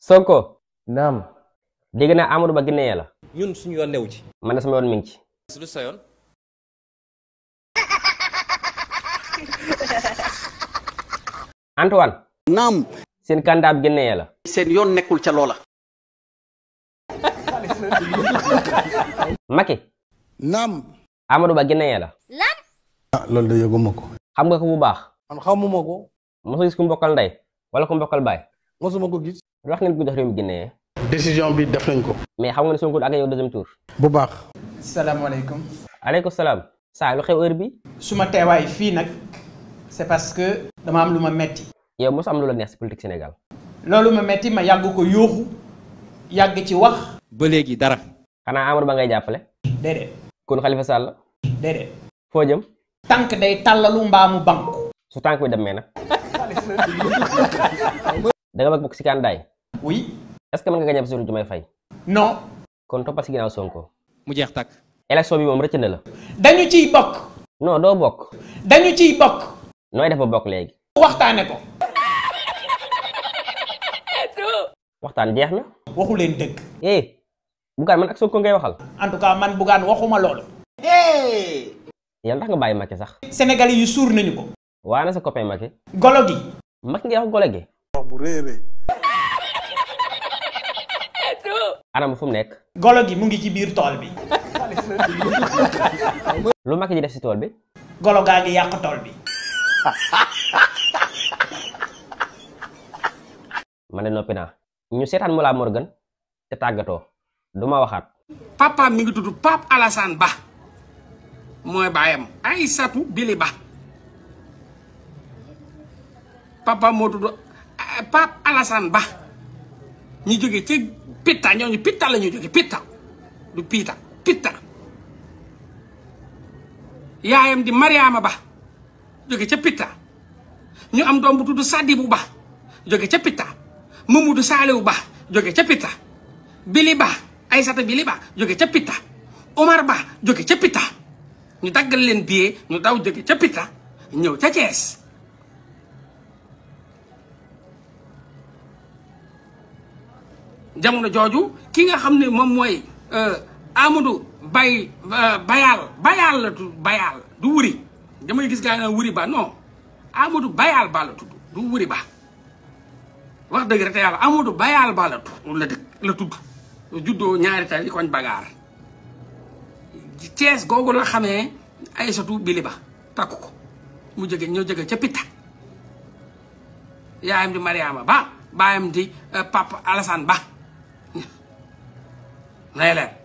Sonko. naam. dégg naa Amadou Ba Guinée la. ñun suñu yoon newu ci. man de sama yoon ci. su lu sa seen la. seen yoon nekkul ca loola. Macky. naam. Amadou Ba Guinée la. lan. ah loolu de yëguma ko. xam nga ko bu baax. man xamuma ko. mosu gis ku mbokkal ndey wala ku mbokkal baay. mosuma ko gis. wax ngeen ko jox réew mi Guinée. décision bi def nañ ko. mais xam nga ne Sonko ak yow deuxième tour. bu baax. salaamaaleykum. aleykum salaam. saa lu xew heure bi. su ma teewaay fii nag c'est parce que dama am lu ma metti. yow mos am lu la neex ci politique loolu ma metti ma yàgg ko yóoxu yàgg ci wax. ba léegi dara. xanaa Amadou Ba ngay jàppale. déedéet. kon Khalifa Sall. déedéet. foo jëm. tànk day tàllalu mbaamu banku. su tànk bi demee nag. da nga bokk si kandaay. oui. est-ce que mën nga gagné Bassirou may Faye. non. kon toppal si ginnaaw Sonko. mu jeex takk élection bi moom rëcc na la. dañu ciy bokk. non doo bokk. dañu ciy bokk. nooy def ba bokk léegi. waxtaane ko. waxtaan jeex na. waxu leen dëgg. eh Bougane man ak Sonko ngay waxal. en tout cas man Bougane waxuma loolu. eh. yàlla tax nga bàyyi Macky sax. Sénégalais yu suur nañu ko. waa na sa copain Macky. golo gi. Macky ngay golo gi. bu rëy anam fu mu nekk golo gi mu ngi ci biir tool bi lu mag di def si tool bi golo gaa ngi yàq tool bi man de noppi naa ñu seetaan Mollah Morgun te tàggatoo duma waxaat papaam mi ngi tudd Pape Alassane Ba mooy baayam Aïssatou Bili Ba papaam moo tudd Pape Alassane Ba ñu jóge ci pitta ñooñu pitta la ñu jóge pitta du piita pitta yaayam di Mariama Ba jóge ca pitta ñu am doom bu tudd Sadibou Ba jóge ca pitta Mamadou wu Ba joge ca pitta Bili Ba Aysata Bili Ba jóge ca pitta Omar Ba jóge ca pitta ñu daggal leen billet ñu daw jóge ca pitta ñëw ca Thiès jamono jooju ki nga xam ne moom mooy euh, amadu Bay euh, Bayal Bayal la tudd Bayal du wuri damay gis gaa yi wuri ba non Amadou Bayal ba la tudd du wuri ba wax dëgg rek te yàlla Amadou Bayal ba la tudd la dëkk la tudd juddoo ñaari tali koñ bagaar Cees googu la xamee Aysatu bili ba takku ko mu jóge ñoo jóge ca Pitta yaayam di Mariama Ba baayam di euh, Papa Alassane Ba nay leer